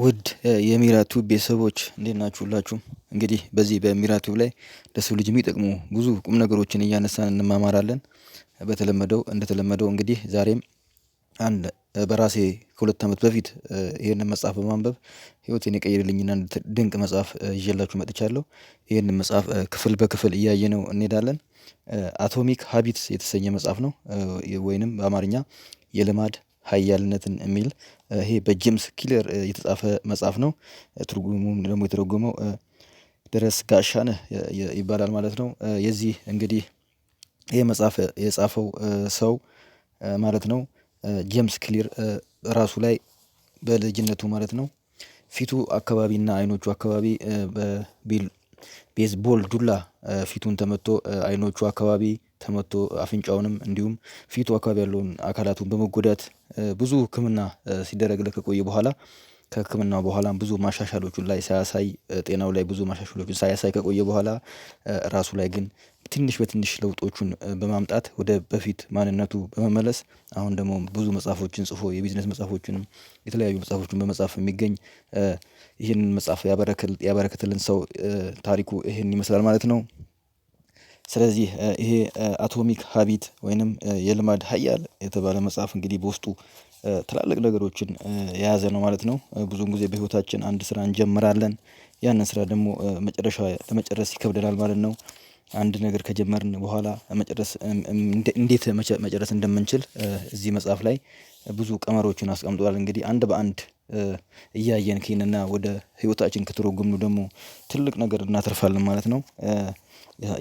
ውድ የሚራቱ ቤተሰቦች እንዴት ናችሁ? ሁላችሁም እንግዲህ በዚህ በሚራቱብ ላይ ለሰው ልጅ የሚጠቅሙ ብዙ ቁም ነገሮችን እያነሳን እንማማራለን። በተለመደው እንደተለመደው እንግዲህ ዛሬም አንድ በራሴ ከሁለት ዓመት በፊት ይህንን መጽሐፍ በማንበብ ህይወቴን የቀየረልኝና ድንቅ መጽሐፍ ይዤላችሁ መጥቻለሁ። ይህንን መጽሐፍ ክፍል በክፍል እያየነው እንሄዳለን። አቶሚክ ሀቢትስ የተሰኘ መጽሐፍ ነው። ወይንም በአማርኛ የልማድ ሀያልነትን የሚል ይሄ በጄምስ ኪለር የተጻፈ መጽሐፍ ነው። ትርጉሙን ደግሞ የተረጎመው ደረስ ጋሻነህ ይባላል ማለት ነው። የዚህ እንግዲህ ይህ መጽሐፍ የጻፈው ሰው ማለት ነው ጄምስ ክሊር ራሱ ላይ በልጅነቱ ማለት ነው ፊቱ አካባቢና አይኖቹ አካባቢ በቢል ቤዝቦል ዱላ ፊቱን ተመቶ አይኖቹ አካባቢ ተመቶ አፍንጫውንም እንዲሁም ፊቱ አካባቢ ያለውን አካላቱን በመጎዳት ብዙ ህክምና ሲደረግለት ከቆየ በኋላ ከህክምናው በኋላም ብዙ ማሻሻሎቹን ላይ ሳያሳይ ጤናው ላይ ብዙ ማሻሻሎቹን ሳያሳይ ከቆየ በኋላ ራሱ ላይ ግን ትንሽ በትንሽ ለውጦቹን በማምጣት ወደ በፊት ማንነቱ በመመለስ አሁን ደግሞ ብዙ መጽሐፎችን ጽፎ የቢዝነስ መጽሐፎችንም የተለያዩ መጽሐፎችን በመጻፍ የሚገኝ ይህንን መጽሐፍ ያበረከትልን ሰው ታሪኩ ይህን ይመስላል ማለት ነው ስለዚህ ይሄ አቶሚክ ሀቢት ወይንም የልማድ ሀያል የተባለ መጽሐፍ እንግዲህ በውስጡ ትላልቅ ነገሮችን የያዘ ነው ማለት ነው። ብዙን ጊዜ በህይወታችን አንድ ስራ እንጀምራለን ያንን ስራ ደግሞ መጨረሻ ለመጨረስ ይከብደናል ማለት ነው። አንድ ነገር ከጀመርን በኋላ መጨረስ እንዴት መጨረስ እንደምንችል እዚህ መጽሐፍ ላይ ብዙ ቀመሮችን አስቀምጧል እንግዲህ አንድ በአንድ እያየን ከሄድንና ወደ ህይወታችን ከተረጎምነው ደግሞ ትልቅ ነገር እናተርፋለን ማለት ነው።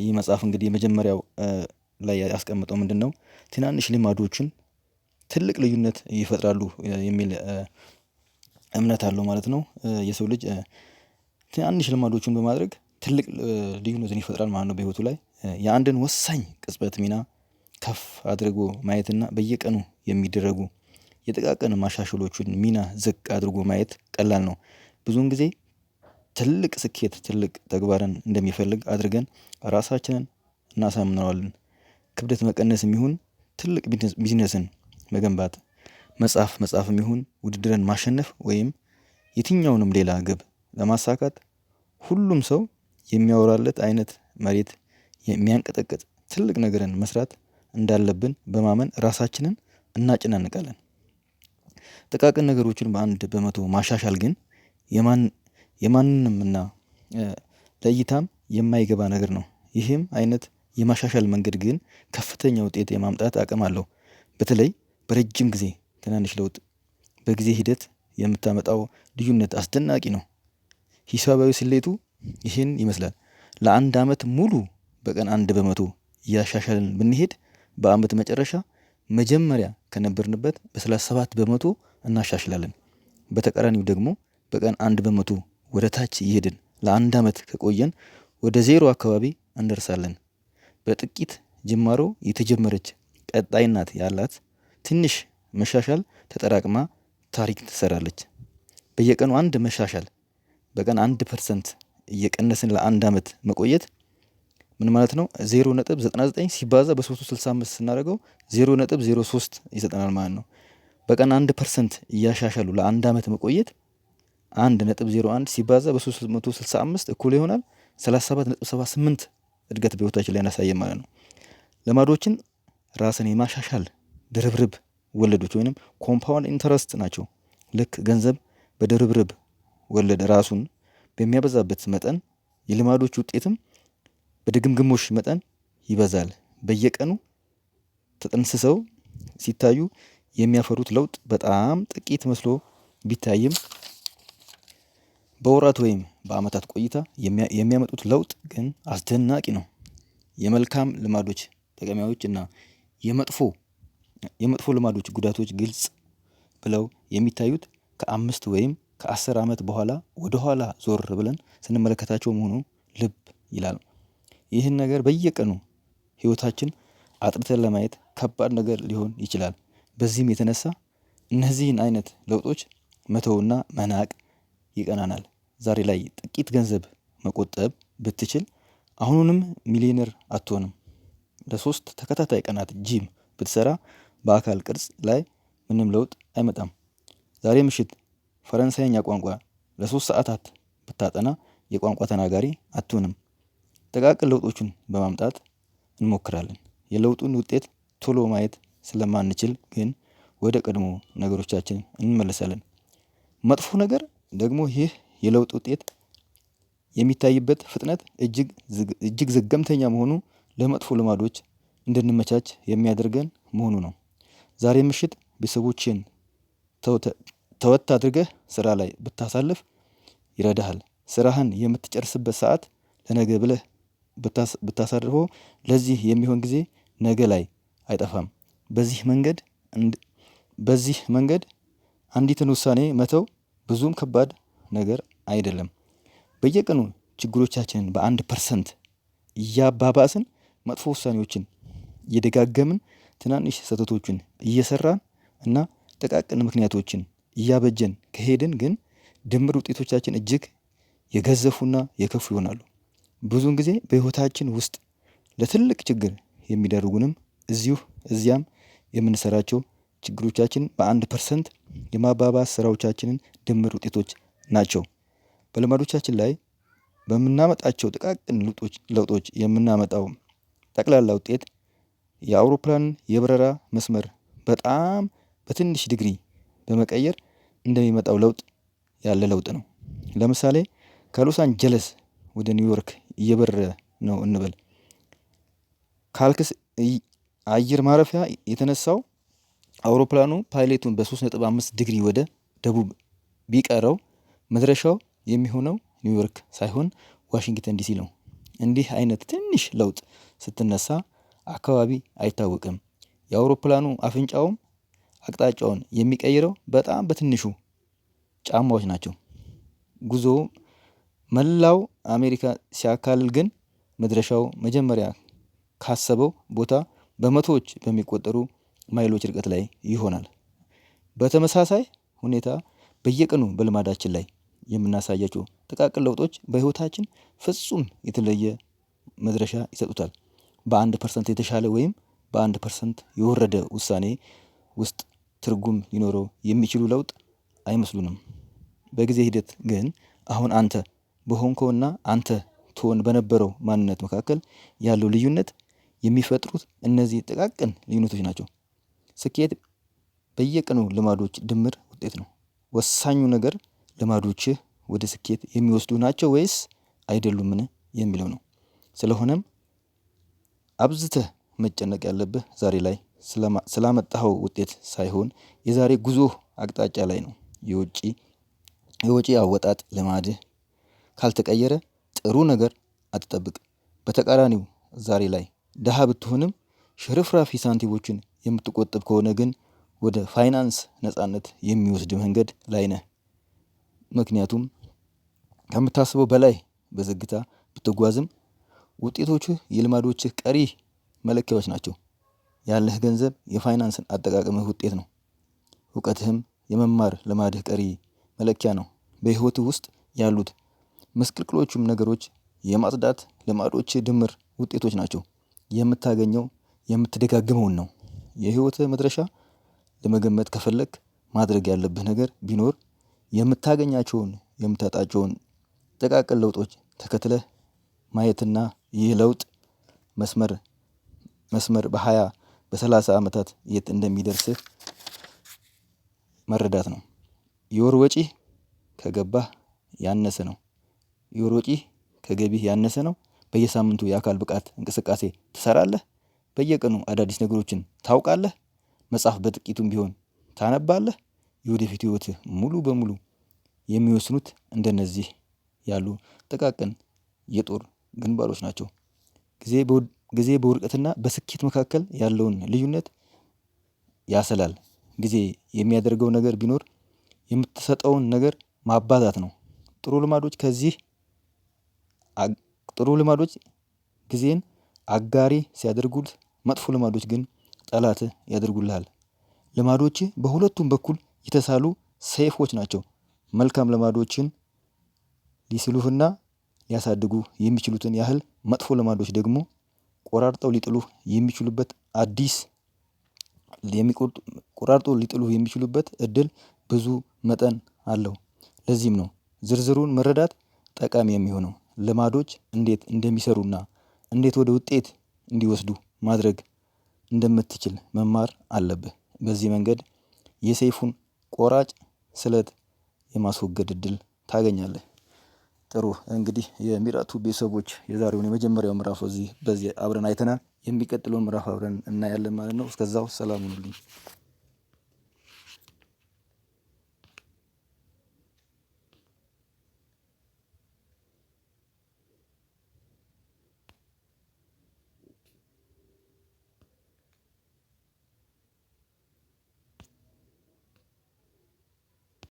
ይህ መጽሐፍ እንግዲህ የመጀመሪያው ላይ ምንድን ምንድነው? ትናንሽ ልማዶችን ትልቅ ልዩነት ይፈጥራሉ የሚል እምነት አለው ማለት ነው። የሰው ልጅ ትናንሽ ልማዶችን በማድረግ ትልቅ ልዩነትን ይፈጥራል ማለት ነው። በህይወቱ ላይ የአንድን ወሳኝ ቅጽበት ሚና ከፍ አድርጎ ማየትና በየቀኑ የሚደረጉ የጥቃቅን ማሻሻሎቹን ሚና ዝቅ አድርጎ ማየት ቀላል ነው። ብዙውን ጊዜ ትልቅ ስኬት ትልቅ ተግባርን እንደሚፈልግ አድርገን ራሳችንን እናሳምነዋለን። ክብደት መቀነስ የሚሆን ትልቅ ቢዝነስን መገንባት መጽሐፍ መጽሐፍ የሚሆን ውድድርን ማሸነፍ ወይም የትኛውንም ሌላ ግብ ለማሳካት ሁሉም ሰው የሚያወራለት አይነት መሬት የሚያንቀጠቅጥ ትልቅ ነገርን መስራት እንዳለብን በማመን ራሳችንን እናጨናንቃለን። ጥቃቅን ነገሮችን በአንድ በመቶ ማሻሻል ግን የማን የማንንምና ለእይታም የማይገባ ነገር ነው። ይህም አይነት የማሻሻል መንገድ ግን ከፍተኛ ውጤት የማምጣት አቅም አለው። በተለይ በረጅም ጊዜ ትናንሽ ለውጥ በጊዜ ሂደት የምታመጣው ልዩነት አስደናቂ ነው። ሂሳባዊ ስሌቱ ይህን ይመስላል። ለአንድ አመት ሙሉ በቀን አንድ በመቶ እያሻሻልን ብንሄድ በአመት መጨረሻ መጀመሪያ ከነበርንበት በ37 በመቶ እናሻሽላለን። በተቃራኒው ደግሞ በቀን አንድ በመቶ ወደ ታች እየሄድን ለአንድ ዓመት ከቆየን ወደ ዜሮ አካባቢ እንደርሳለን። በጥቂት ጅማሮ የተጀመረች ቀጣይነት ያላት ትንሽ መሻሻል ተጠራቅማ ታሪክ ትሰራለች። በየቀኑ አንድ መሻሻል በቀን አንድ ፐርሰንት እየቀነስን ለአንድ አመት መቆየት ምን ማለት ነው? ዜሮ ነጥብ ዘጠና ዘጠኝ ሲባዛ በሶስቱ ስልሳ አምስት ስናደርገው ዜሮ ነጥብ ዜሮ ሶስት ይሰጠናል ማለት ነው። በቀን አንድ ፐርሰንት እያሻሻሉ ለአንድ አመት መቆየት አንድ ነጥብ ዜሮ አንድ ሲባዛ በ አምስት እኩል ይሆናል ስምንት እድገት በህይወታችን ላይ እናሳየ ማለት ነው። ልማዶችን ራስን የማሻሻል ድርብርብ ወለዶች ወይንም ኮምፓውንድ ኢንተረስት ናቸው። ልክ ገንዘብ በድርብርብ ወለድ ራሱን በሚያበዛበት መጠን የልማዶች ውጤትም በድግምግሞሽ መጠን ይበዛል። በየቀኑ ተጠንስሰው ሲታዩ የሚያፈሩት ለውጥ በጣም ጥቂት መስሎ ቢታይም በወራት ወይም በአመታት ቆይታ የሚያመጡት ለውጥ ግን አስደናቂ ነው። የመልካም ልማዶች ጠቀሜዎች እና የመጥፎ የመጥፎ ልማዶች ጉዳቶች ግልጽ ብለው የሚታዩት ከአምስት ወይም ከአስር ዓመት በኋላ ወደኋላ ዞር ብለን ስንመለከታቸው መሆኑ ልብ ይላል። ይህን ነገር በየቀኑ ህይወታችን አጥርተን ለማየት ከባድ ነገር ሊሆን ይችላል። በዚህም የተነሳ እነዚህን አይነት ለውጦች መተውና መናቅ ይቀናናል ዛሬ ላይ ጥቂት ገንዘብ መቆጠብ ብትችል አሁኑንም ሚሊዮነር አትሆንም። ለሶስት ተከታታይ ቀናት ጂም ብትሰራ በአካል ቅርጽ ላይ ምንም ለውጥ አይመጣም። ዛሬ ምሽት ፈረንሳይኛ ቋንቋ ለሶስት ሰዓታት ብታጠና የቋንቋ ተናጋሪ አትሆንም። ጥቃቅን ለውጦቹን በማምጣት እንሞክራለን። የለውጡን ውጤት ቶሎ ማየት ስለማንችል ግን ወደ ቀድሞ ነገሮቻችን እንመለሳለን። መጥፎ ነገር ደግሞ ይህ የለውጥ ውጤት የሚታይበት ፍጥነት እጅግ ዘገምተኛ መሆኑ ለመጥፎ ልማዶች እንድንመቻች የሚያደርገን መሆኑ ነው። ዛሬ ምሽት ቤተሰቦችን ተወት አድርገህ ስራ ላይ ብታሳልፍ ይረዳሃል። ስራህን የምትጨርስበት ሰዓት ለነገ ብለህ ብታሳርፎ ለዚህ የሚሆን ጊዜ ነገ ላይ አይጠፋም። በዚህ መንገድ በዚህ መንገድ አንዲትን ውሳኔ መተው ብዙም ከባድ ነገር አይደለም። በየቀኑ ችግሮቻችንን በአንድ ፐርሰንት እያባባስን መጥፎ ውሳኔዎችን እየደጋገምን ትናንሽ ስህተቶችን እየሰራን እና ጥቃቅን ምክንያቶችን እያበጀን ከሄድን ግን ድምር ውጤቶቻችን እጅግ የገዘፉና የከፉ ይሆናሉ። ብዙውን ጊዜ በህይወታችን ውስጥ ለትልቅ ችግር የሚደርጉንም እዚሁ እዚያም የምንሰራቸው ችግሮቻችን በአንድ ፐርሰንት የማባባስ ስራዎቻችንን ድምር ውጤቶች ናቸው በልማዶቻችን ላይ በምናመጣቸው ጥቃቅን ለውጦች የምናመጣው ጠቅላላ ውጤት የአውሮፕላን የበረራ መስመር በጣም በትንሽ ዲግሪ በመቀየር እንደሚመጣው ለውጥ ያለ ለውጥ ነው። ለምሳሌ ከሎስ አንጀለስ ወደ ኒውዮርክ እየበረረ ነው እንበል ካልክስ አየር ማረፊያ የተነሳው አውሮፕላኑ ፓይሌቱን በ35 አምስት ዲግሪ ወደ ደቡብ ቢቀረው መድረሻው የሚሆነው ኒውዮርክ ሳይሆን ዋሽንግተን ዲሲ ነው። እንዲህ አይነት ትንሽ ለውጥ ስትነሳ አካባቢ አይታወቅም። የአውሮፕላኑ አፍንጫውም አቅጣጫውን የሚቀይረው በጣም በትንሹ ጫማዎች ናቸው። ጉዞ መላው አሜሪካ ሲያካልል ግን መድረሻው መጀመሪያ ካሰበው ቦታ በመቶዎች በሚቆጠሩ ማይሎች ርቀት ላይ ይሆናል። በተመሳሳይ ሁኔታ በየቀኑ በልማዳችን ላይ የምናሳያቸው ጥቃቅን ለውጦች በህይወታችን ፍጹም የተለየ መድረሻ ይሰጡታል። በአንድ ፐርሰንት የተሻለ ወይም በአንድ ፐርሰንት የወረደ ውሳኔ ውስጥ ትርጉም ሊኖረው የሚችሉ ለውጥ አይመስሉንም። በጊዜ ሂደት ግን አሁን አንተ በሆንከውና አንተ ትሆን በነበረው ማንነት መካከል ያለው ልዩነት የሚፈጥሩት እነዚህ ጥቃቅን ልዩነቶች ናቸው። ስኬት በየቀኑ ልማዶች ድምር ውጤት ነው። ወሳኙ ነገር ልማዶችህ ወደ ስኬት የሚወስዱ ናቸው ወይስ አይደሉምን የሚለው ነው። ስለሆነም አብዝተህ መጨነቅ ያለብህ ዛሬ ላይ ስላመጣኸው ውጤት ሳይሆን የዛሬ ጉዞ አቅጣጫ ላይ ነው። የውጪ የወጪ አወጣጥ ልማድህ ካልተቀየረ ጥሩ ነገር አትጠብቅ። በተቃራኒው ዛሬ ላይ ደሃ ብትሆንም ሽርፍራፊ ሳንቲሞችን የምትቆጥብ ከሆነ ግን ወደ ፋይናንስ ነጻነት የሚወስድ መንገድ ላይ ነህ ምክንያቱም ከምታስበው በላይ በዝግታ ብትጓዝም ውጤቶቹ የልማዶችህ ቀሪ መለኪያዎች ናቸው። ያለህ ገንዘብ የፋይናንስን አጠቃቀምህ ውጤት ነው። እውቀትህም የመማር ልማድህ ቀሪ መለኪያ ነው። በህይወትህ ውስጥ ያሉት ምስቅልቅሎቹም ነገሮች የማጽዳት ልማዶች ድምር ውጤቶች ናቸው። የምታገኘው የምትደጋግመውን ነው። የህይወትህ መድረሻ ለመገመት ከፈለግ ማድረግ ያለብህ ነገር ቢኖር የምታገኛቸውን የምታጣቸውን ጥቃቅን ለውጦች ተከትለህ ማየትና ይህ ለውጥ መስመር መስመር በሀያ በሰላሳ አመታት የት እንደሚደርስህ መረዳት ነው። የወር ወጪህ ከገባህ ያነሰ ነው። የወር ወጪህ ከገቢህ ያነሰ ነው። በየሳምንቱ የአካል ብቃት እንቅስቃሴ ትሰራለህ። በየቀኑ አዳዲስ ነገሮችን ታውቃለህ። መጽሐፍ በጥቂቱም ቢሆን ታነባለህ የወደፊት ህይወት ሙሉ በሙሉ የሚወስኑት እንደነዚህ ያሉ ጥቃቅን የጦር ግንባሮች ናቸው። ጊዜ በውድቀትና በስኬት መካከል ያለውን ልዩነት ያሰላል። ጊዜ የሚያደርገው ነገር ቢኖር የምትሰጠውን ነገር ማባዛት ነው። ጥሩ ልማዶች ከዚህ ጥሩ ልማዶች ጊዜን አጋሪ ሲያደርጉት መጥፎ ልማዶች ግን ጠላት ያደርጉልሃል። ልማዶች በሁለቱም በኩል የተሳሉ ሰይፎች ናቸው። መልካም ልማዶችን ሊስሉህና ሊያሳድጉ የሚችሉትን ያህል መጥፎ ልማዶች ደግሞ ቆራርጠው ሊጥሉህ የሚችሉበት አዲስ ቆራርጦ ሊጥሉህ የሚችሉበት እድል ብዙ መጠን አለው። ለዚህም ነው ዝርዝሩን መረዳት ጠቃሚ የሚሆነው ልማዶች እንዴት እንደሚሰሩና እንዴት ወደ ውጤት እንዲወስዱ ማድረግ እንደምትችል መማር አለብህ። በዚህ መንገድ የሰይፉን ቆራጭ ስለት የማስወገድ እድል ታገኛለህ። ጥሩ እንግዲህ የሚራቱ ቤተሰቦች የዛሬውን የመጀመሪያው ምዕራፍ በዚህ በዚህ አብረን አይተናል የሚቀጥለውን ምዕራፍ አብረን እናያለን ማለት ነው። እስከዛው ሰላም ሁኑልኝ